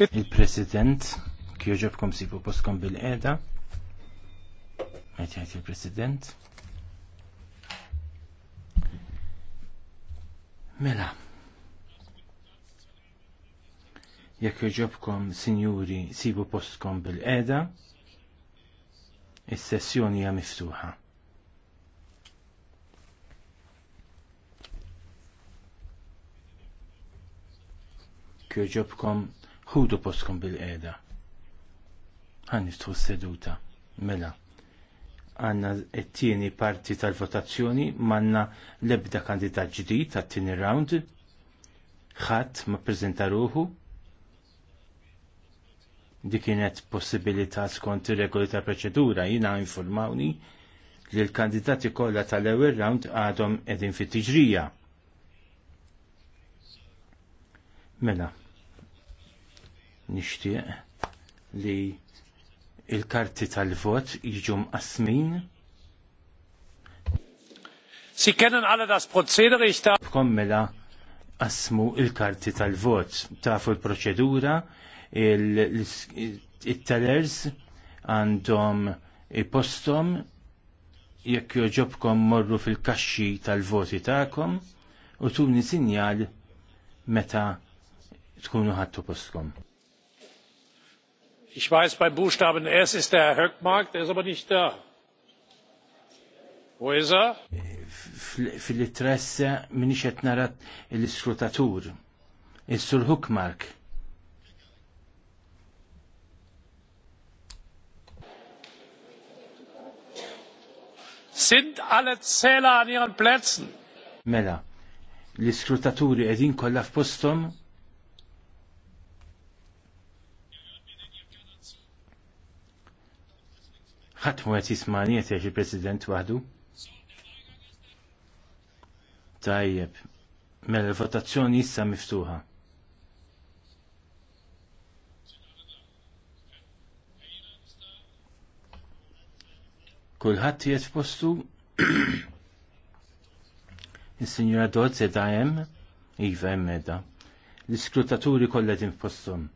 Il-President, kjoġobkom sibu postkom bil-eda, għetjajt il-President. Mela, jekk joġobkom sinjuri sibu postkom bil-eda, is-sessjoni hija miftuħa. kjoġobkom ħudu postkom bil-qeda. Għan nistħu seduta. Mela. Għanna t-tieni parti tal-votazzjoni manna lebda kandidat ġdid tat tieni round. ħadd ma prezenta ruħu. Di kienet possibilità skont ir-regoli ta' proċedura jina informawni li l-kandidati kollha tal-ewwel round għadhom qegħdin fit-tiġrija Mela, nixtieq li il-karti tal-vot jiġu mqasmin. Si kennen għala das Prozedere, ich darf. Kommela, qasmu il-karti tal-vot. Tafu l-proċedura, il-tellers għandhom postom jekk joġobkom morru fil-kaxxi tal-voti tagħkom u tu sinjal meta tkunu ħadtu postkom. Ich weiß, beim Buchstaben S ist der Herr Höckmark, der ist aber nicht da. Wo ist er? Fil-tressa minix qed nara l-iskrutatur. Is-sur Höckmark. Sind alle Zähler an ihren Plätzen? Mela, l-iskrutaturi qegħdin kollha f'posthom ħadd mu jismani qed jgħid president waħdu. Tajjeb, mela l-votazzjoni issa miftuħa. Kulħadd jiet postu is sinjora Dodz dajem, hemm, iva hemm L-iskrutaturi kollha din postum.